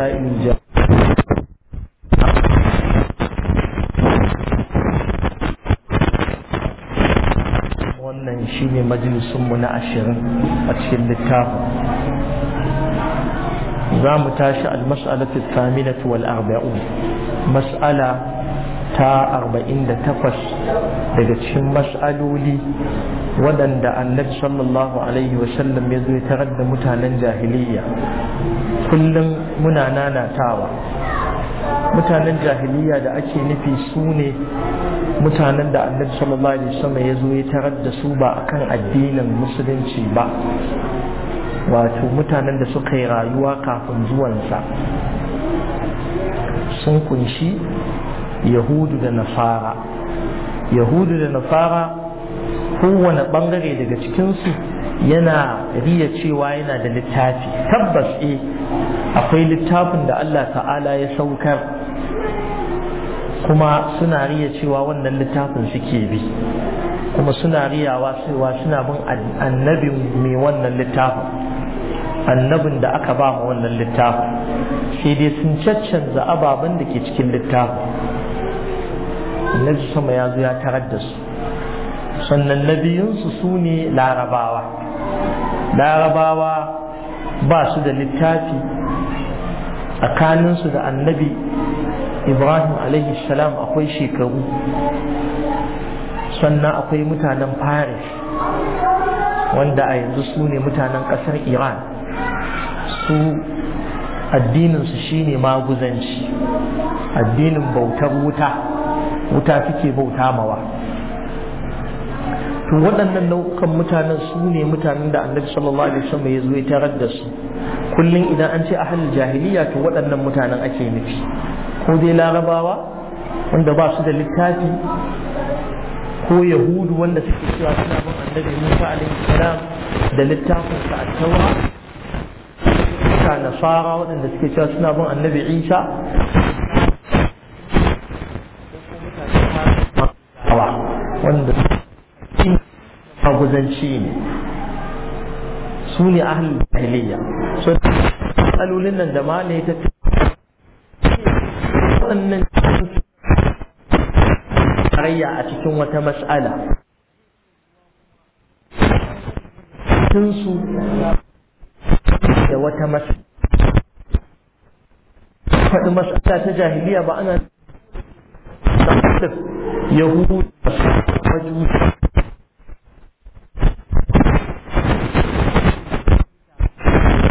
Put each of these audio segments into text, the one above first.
وسائل الجهل wannan shine majalisunmu na ashirin a cikin littafin za mu tashi al-mas'alatu thaminatu wal arba'un mas'ala ta 48 daga cikin mas'aloli waɗanda annabi sallallahu alaihi wa sallam ya zo ya tarar da mutanen jahiliya kullum muna nanatawa mutanen jahiliya da ake nufi su ne mutanen da annabi sallallahu alaihi wa sallam ya zo ya tarar da su ba akan addinin musulunci ba wato mutanen da suka yi rayuwa kafin zuwansa sun kunshi yahudu da nasara yahudu da nasara kowane bangare daga cikinsu yana riya cewa yana da littafi tabbas eh akwai littafin da Allah ta'ala ya saukar kuma suna riya cewa wannan littafin suke bi kuma suna riyawa cewa suna bin annabin mai wannan littafin annabin da aka ba ma wannan littafin sai dai sun caccanza ababen da ke cikin littafin annabi sama ya zo ya tarar da su sannan na biyunsu su ne larabawa larabawa ba su da littafi tsakaninsu da annabi ibrahim alaihi salam akwai shekaru sannan akwai mutanen paris wanda a yanzu su ne mutanen ƙasar iran su addininsu shine maguzanci addinin bautar wuta wuta suke bauta mawa to waɗannan nau'ukan mutanen su ne mutanen da annabi sallallahu alaihi wasallam ya zo ya tarar da su kullum idan an ce ahlul jahiliya to waɗannan mutanen ake nufi ko dai larabawa wanda ba su da littafi ko yahudu wanda suke cewa suna bin annabi Musa alaihi salam da littafin sa at-taura nasara waɗanda suke cewa suna bin annabi Isa maguzanci ne su ne ahlul jahiliya so matsalolin nan da mala ya tattara wannan tarayya a cikin wata mas'ala su da wata mas'ala faɗi mas'ala ta jahiliya ba ana yahudu majusi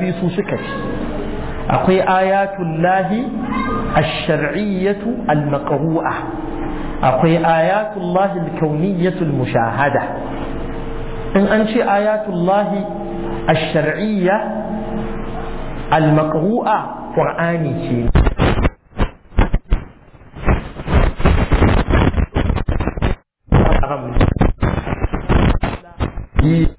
bi su suka ci akwai ayatul lahi ash-shar'iyyatu al-maqru'a akwai ayatul lahi al-kauniyyatu al-mushahada in an ce ayatul lahi ash-shar'iyya al-maqru'a qur'ani ce Yeah.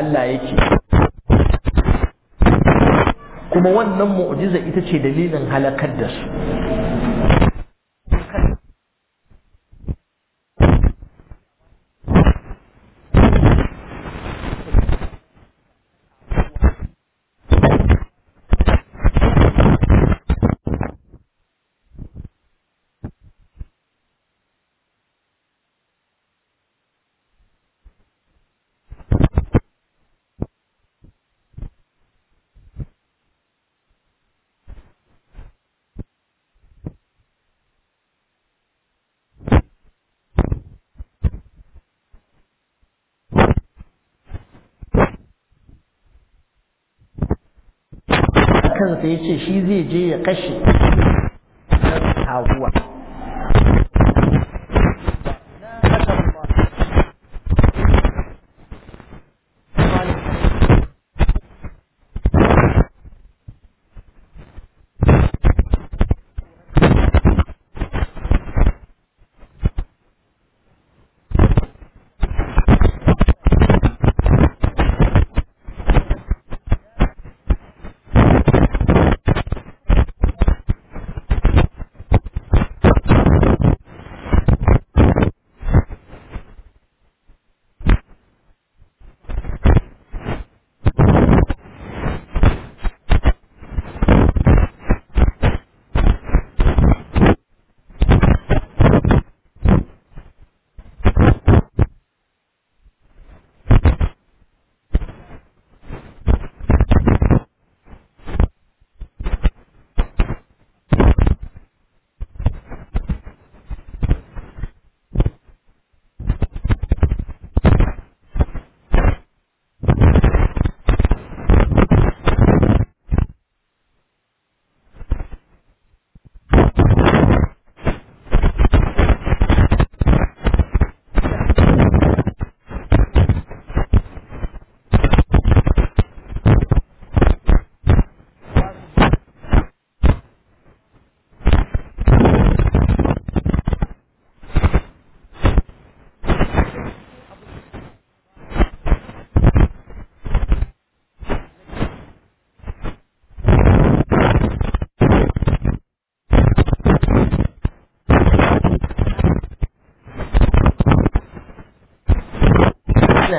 Allah yake kuma wannan mu'jiza ita ce dalilin halakar da su kansa ya ce shi zai je ya kashe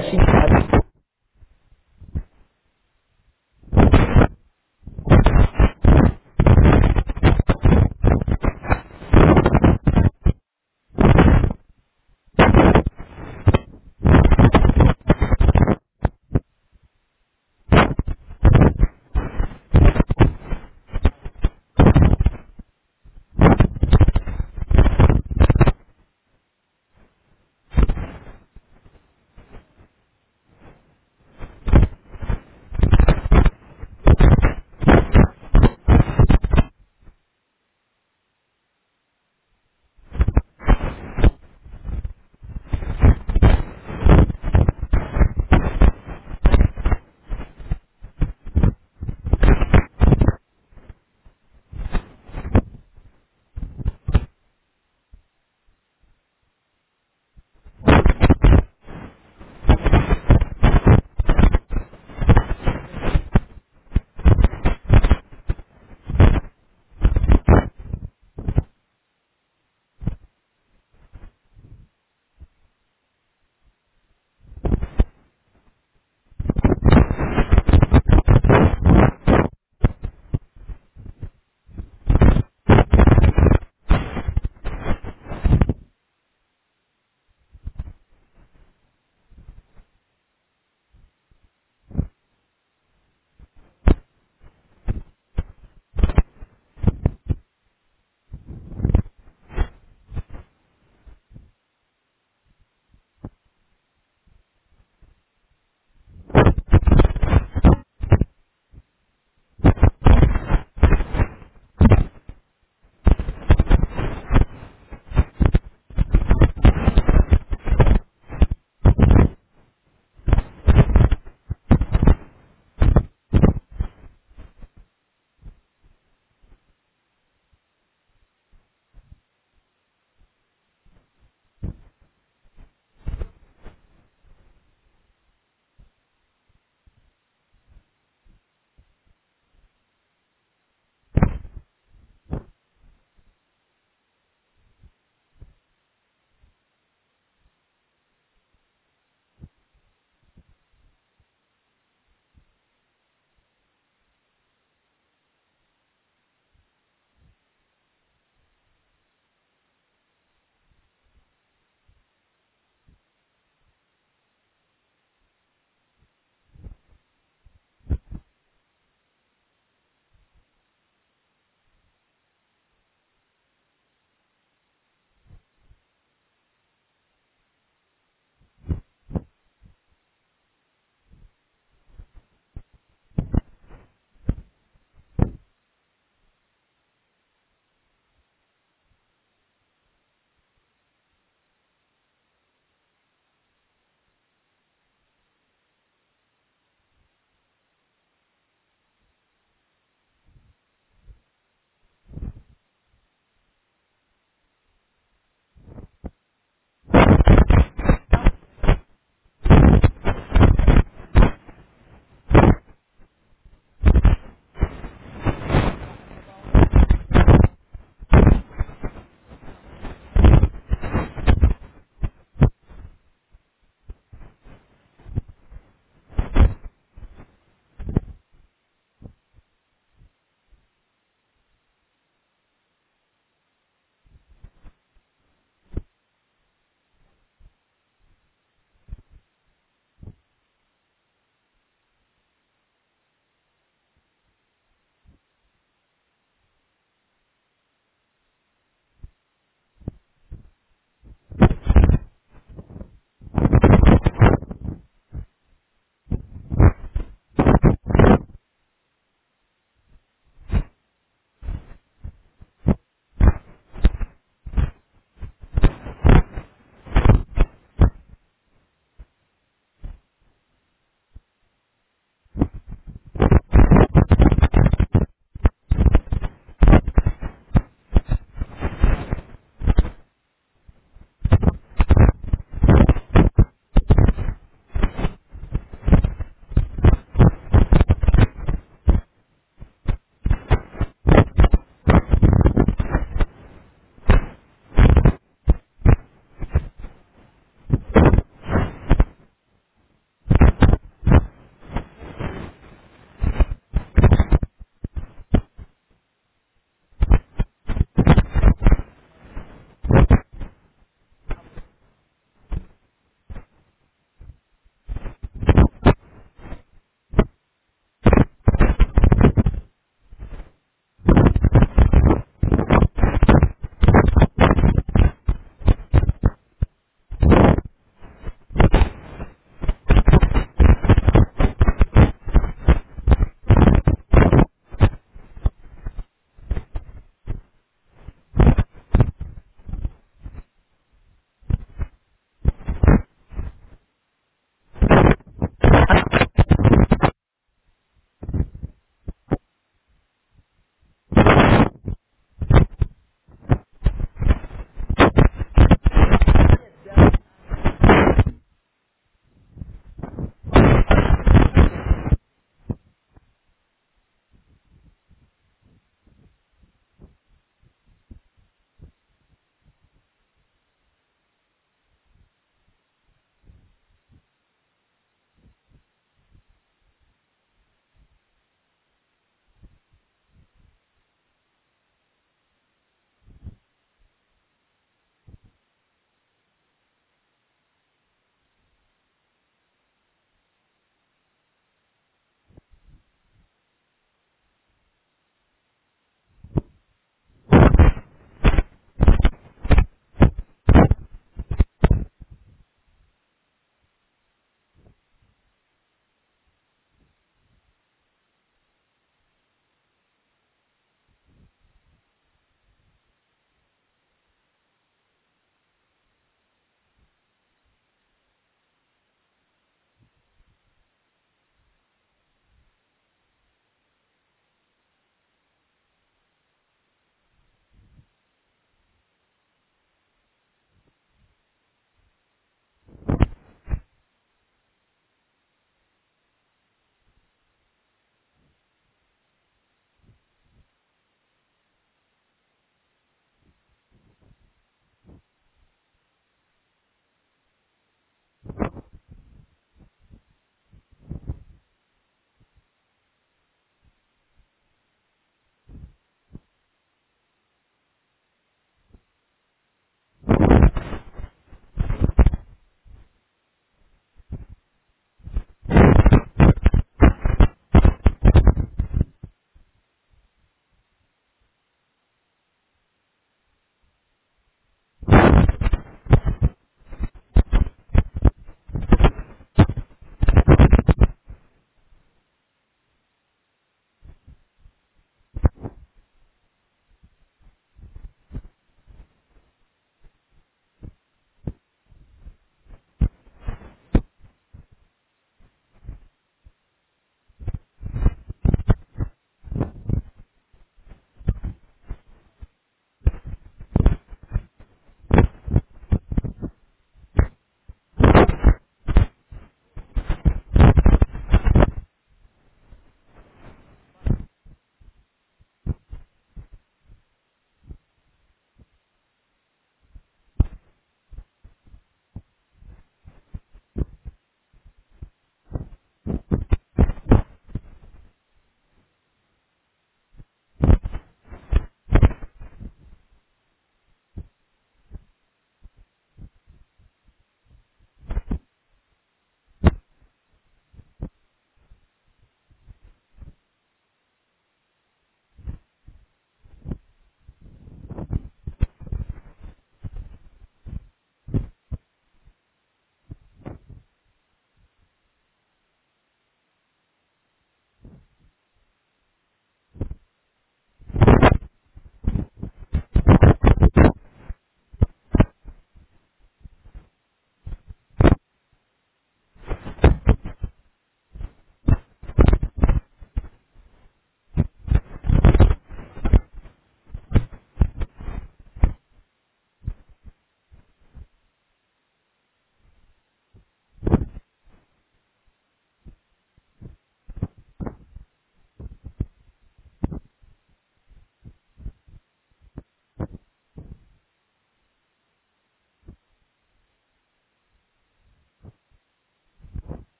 shi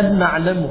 أن نعلمه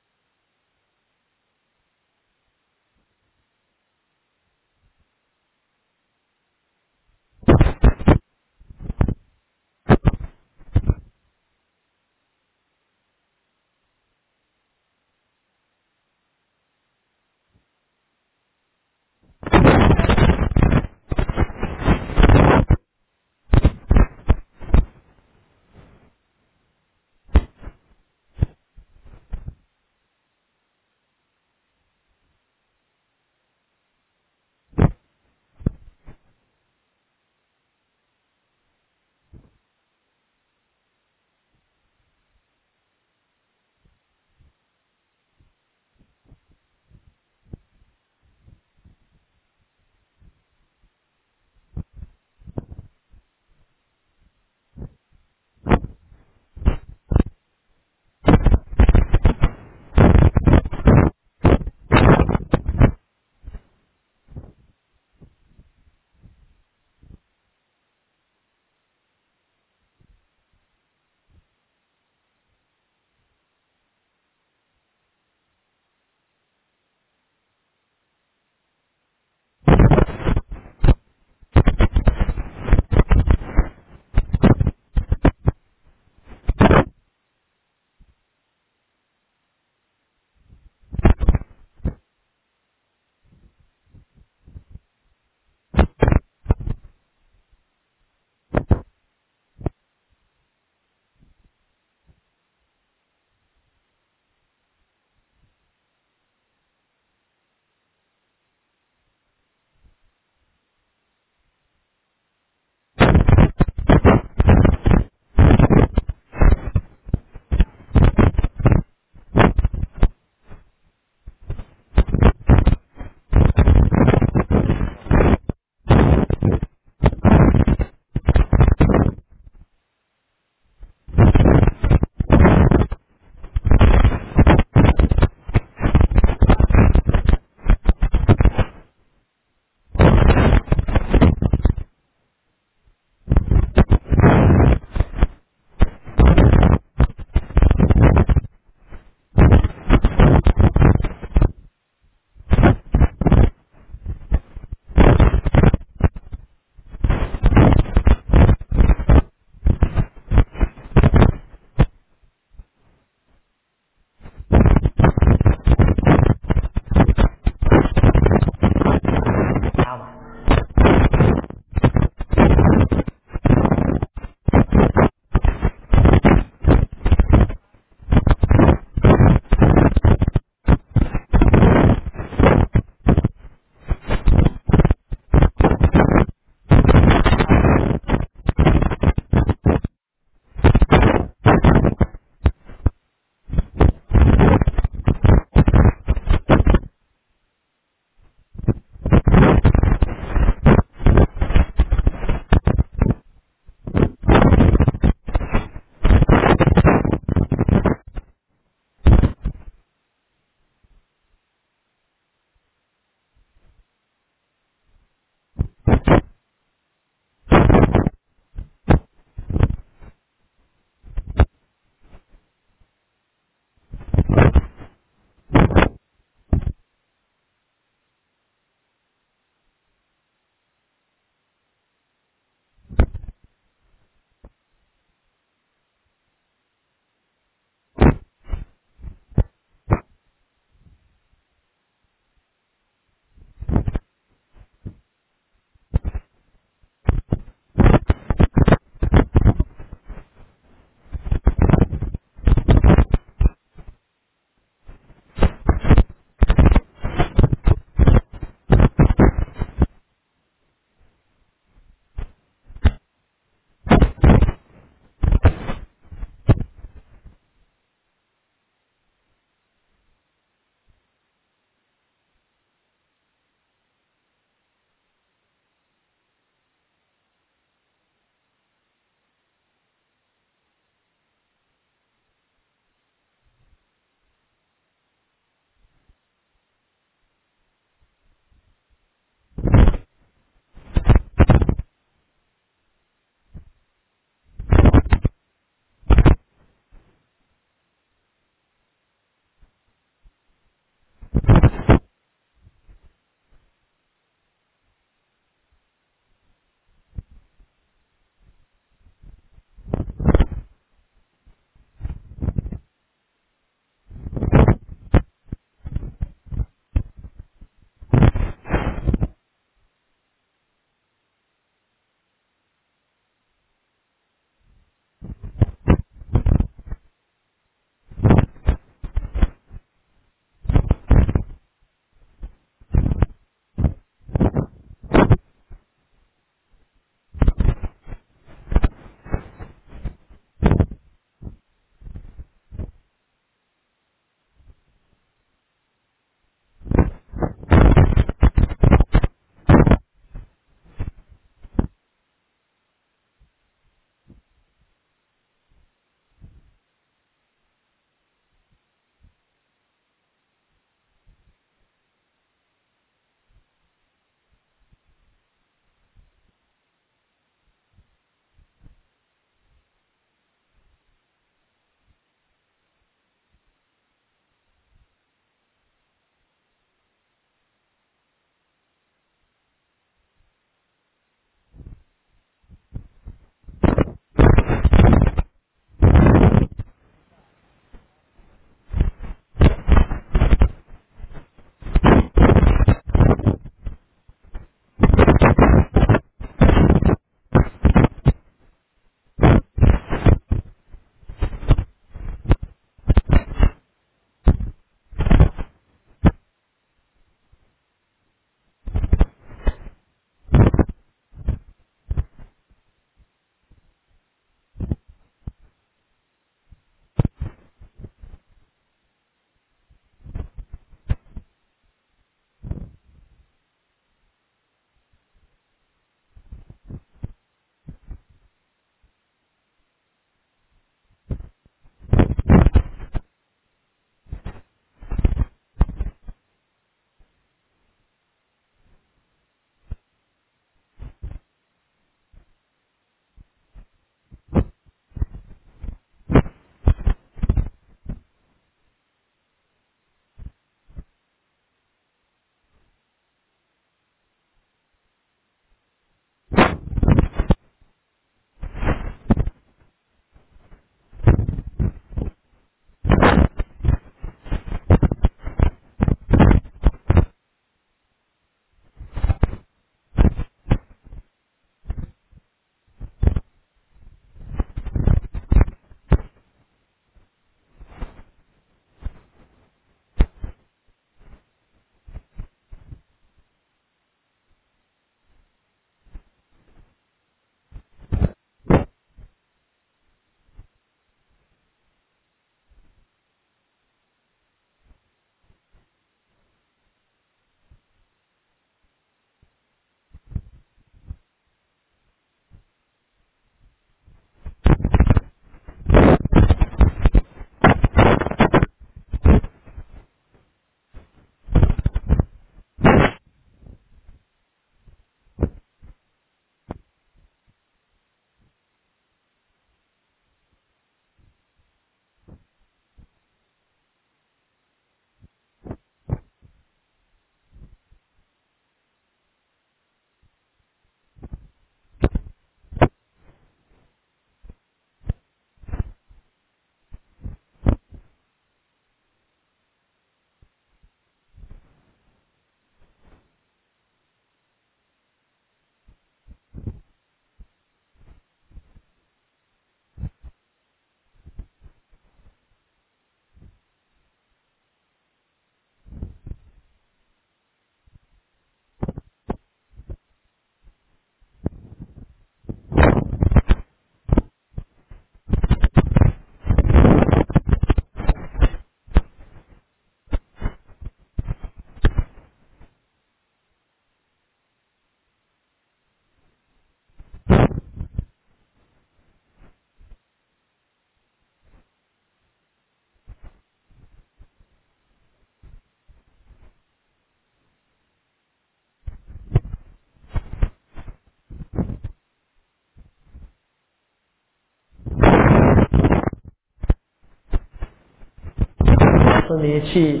sallallahu alaihi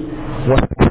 wasallam